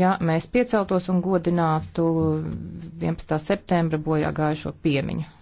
ja mēs pieceltos un godinātu 11. septembra bojā gājušo piemiņu.